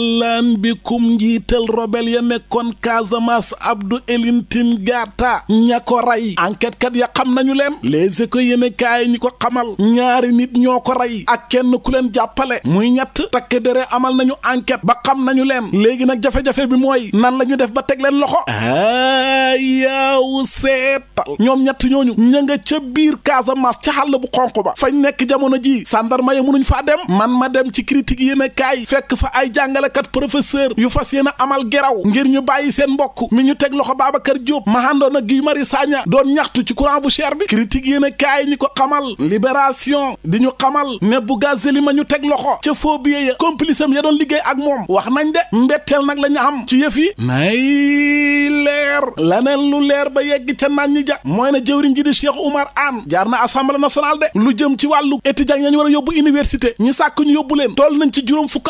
ahlan bikum njiital rebel ya nekkoon Casamance Abdou Elintin Gaata ña ko rey enquête kat ya xam nañu leen les éco yéene kaay ñi ko xamal ñaari nit ñoo ko rey ak kenn ku leen jàppale muy ñett takk dere amal nañu enquête ba xam nañu leen léegi nag jafe-jafe bi mooy nan lañu def ba teg leen loxo a yaaw seetal ñoom ñett ñooñu ña nga ca ca xàll bu xonq ba fañ nekk jamono ji sàndarma ya mënuñ faa dem man ma dem ci critique yéene fekk fa ay jàngale jàngalekat professeur yu fas yéen a amal geraw ngir ñu bàyyi seen mbokk mi ñu teg loxo Babacar Diop mahandoon ak Guy Marius Sagna doon ñaxtu ci courant bu cher bi critique yéen a ñi ko xamal libération di ñu xamal ne bu gazeli ma ñu teg loxo ca faux billet ya complice ya doon liggéey ak moom wax nañ de mbetteel nag la am ci yëf yi nay leer laneen lu leer ba yegg ca naan ñi ja mooy na jëwriñ ji di Cheikh Oumar Anne jaar na assemblée nationale de lu jëm ci wàllu étudiant ya ñu war a yóbbu université leen toll nañ ci juróom fukk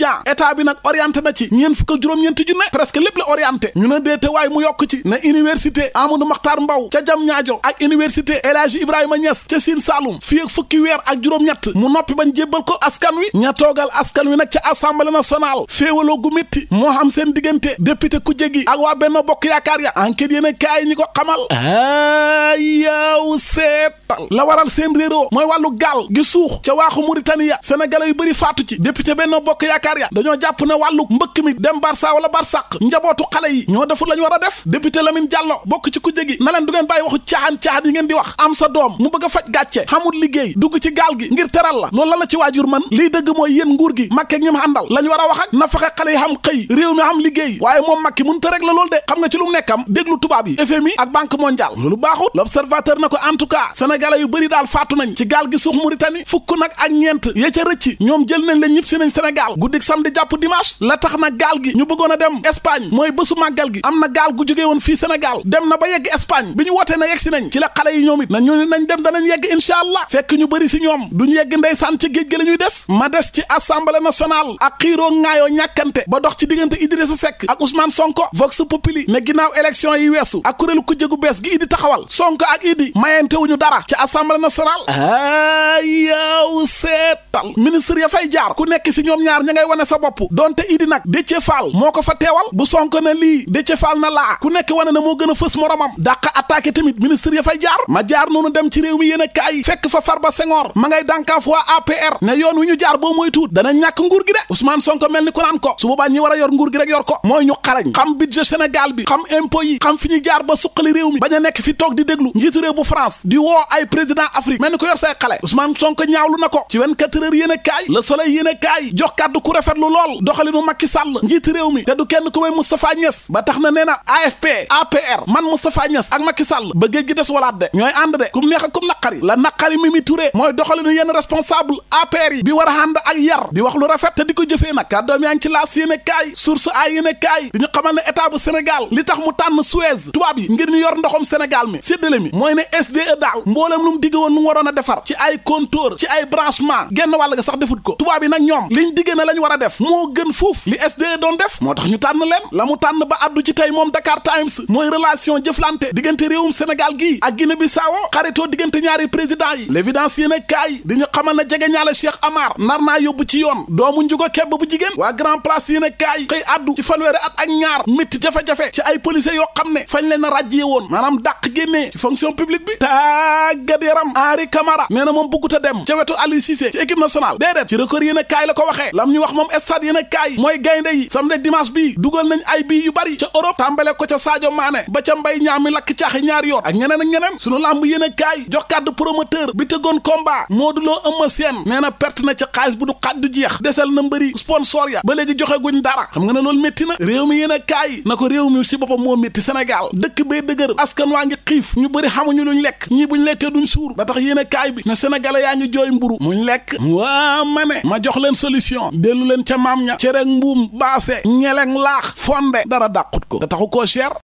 étudiant état bi nag orienté na ci ñeent fukk juróom-ñeenti junne presque lépp la ñu ne déete waay mu yokk ci ne université Amadou Mahtar Mbow ca jam ñaajo ak université El Hadji Ibrahima Niass ca Sine Saloum fii fukki weer ak juróom-ñett mu noppi bañ jébbal ko askan wi ña toogal askan wi nag ca assemblée nationale féewaloo gu métti moo xam seen diggante député ku jégi ak waa Benno Bokk Yaakaar ya enquête yéen a ñi ko xamal ayaw seetal la waral seen réeroo mooy wàllu gaal gi suux ca waaxu Mauritanie sénégalais yu bëri faatu ci député Benno Bokk Yaakaar yaakaar ya dañoo jàpp ne wàllu mbëkk mi dem barsa wala barsàq njabootu xale yi ñoo deful lañ war a def député Lamine Diallo bokk ci ku jégi na leen du bàyyi waxu caaxaan caaxaan yi ngeen di wax am sa doom mu bëgg a faj gàcce xamul liggéey dugg ci gaal gi ngir teral la loolu la la ci waajur man lii dëgg mooy yéen nguur gi makkeeg ñu ma àndal war a wax ak na fexe xale yi xam xëy réew mi xam liggéey waaye moom makki mënut a rek la loolu de xam nga bëccëg samedi jàpp dimanche la tax na gaal gi ñu bëggoon a dem Espagne mooy bésu màggal gi am na gaal gu jógee woon fii Sénégal dem na ba yegg Espagne bi ñu wootee na yegg si nañ ci la xale yi ñoom it na ñu nañ dem danañ yegg incha allah fekk ñu bëri si ñoom duñ yegg ndeysaan ci géej gi la ñuy des ma des ci assemblée nationale ak xiiroo ŋaayoo ñàkkante ba dox ci diggante Idrissa Seck ak Ousmane Sonko vox populi ne ginnaaw élection yi weesu ak kuréelu ku jégu bees gi Idi taxawal Sonko ak Idi mayante wuñu dara ci assemblée nationale ayaw seetal ministre ya fay jaar ku nekk si ñoom ñaar ña wane sa bopp donte idi nag Déthié Fall moo ko fa teewal bu Sonko na lii Déthié Fall na laa ku nekk wane na moo gën a fës moromam dàq attaqué tamit ministre ya fay jaar ma jaar noonu dem ci réew mi yéen a kaay fekk fa Farba Senghor ma ngay dànkaaf waa APR ne yoon wi ñu jaar boo mooy dana ñàkk nguur gi de Ousmane Sonko mel ni ku naan ko su ñi war a yor nguur gi rek yor ko mooy ñu xarañ xam budget Sénégal ba suqali réew mi bañ a nekk 24 heures yéen a kaay le soleil yéen a kaay jox kàddu ku rafetlu lool doxalinu Macky Sall njiiti réew mi te du kenn ku may Moustapha Niass ba tax na nee na AFP APR man Moustapha Niass ak Macky Sall ba géej gi des walaat de ñooy ànd de kum neex ak kum naqari la naqari Mimi Touré mooy doxalinu yenn responsable APR yi bi war a ànd ak yar di wax lu rafet te di ko jëfee nag kàddoom yaa ngi ci laas yéen a kaay source a kaay di ñu xamal ne état bu li tax mu tànn Suez tubaab yi ngir ñu yor ndoxum Sénégal mi séddale mi mooy ne SDE daal mboolem lu mu digg woon mu waroon a defar ci ay compteur ci ay branchement genn wàll ga sax defut ko tubaab yi nag ñoom liñ diggée na la ñu war a def moo gën fuuf li SDE doon def moo tax ñu tànn leen la mu tànn ba addu ci tey moom Dakar Times mooy relation jëflante diggante réewum Sénégal gii ak Guinée Bissau xaritoo diggante ñaari président yi l'évidence yéen e kaay di ñu xamal na jege ñaale Cheikh Amar nar naa yóbbu ci yoon doomu njugo kebb bu jigéen waa grand place yéen e kaay ci fanweeri at ak ñaar métti jafe-jafe ci ay policiers yoo xam ne fañ leen na ràjjee woon maanaam dàq génnee ci fonction publique bi tàggat moom buggut a dem ca wetu Aliou Cissé équipe nationale déedéet ci record yéen a kaay la ko waxee lam ñu wax moom stade yéen a kaay mooy gaynde yi samedi dimanche bii dugal nañ ay bii yu bari ca Europe tàmbale ko ca Sadio Mané ba ca mbay ñaam mi lakk caaxi ñaari yoon ak ñeneen ak ñeneen sunu làmb yéen a kaay jox kàddu promoteur bi tëggoon combat Modou Lo Eumeu Sène nee na perte na ca xaalis bu du xaddu jeex desal na mbëri sponsor ya ba léegi joxe guñ dara xam nga ne loolu métti na réew mi yéen a kaay na ko réew mi si boppam moo métti Sénégal dëkk bee dëgër askan waa ngi xiif ñu bëri xamuñu luñ lekk ñii buñ lekkee duñ suur ba tax yéen a kaay bi ne sénégalais yaa ngi jooy mburu lekk lekk waa ma ne ma jox leen solution dellu leen ca maam ña cere mbuum baase ñeleng laax fonde dara dàqut ko da taxu koo cher